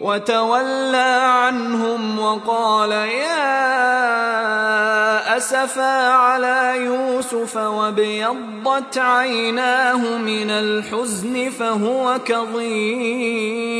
وتولى عنهم وقال يا اسفا على يوسف وابيضت عيناه من الحزن فهو كظيم